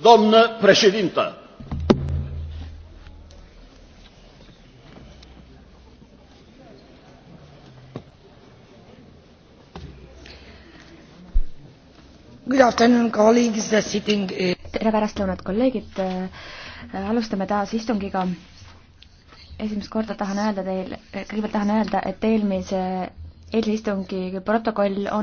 Doamnă președintă! Good afternoon, colleagues. The sitting is... tere pärastlõunat, kolleegid. Äh, alustame taas istungiga. esimest korda tahan öelda teile, kõigepealt tahan öelda, et eelmise, eilse istungi protokoll on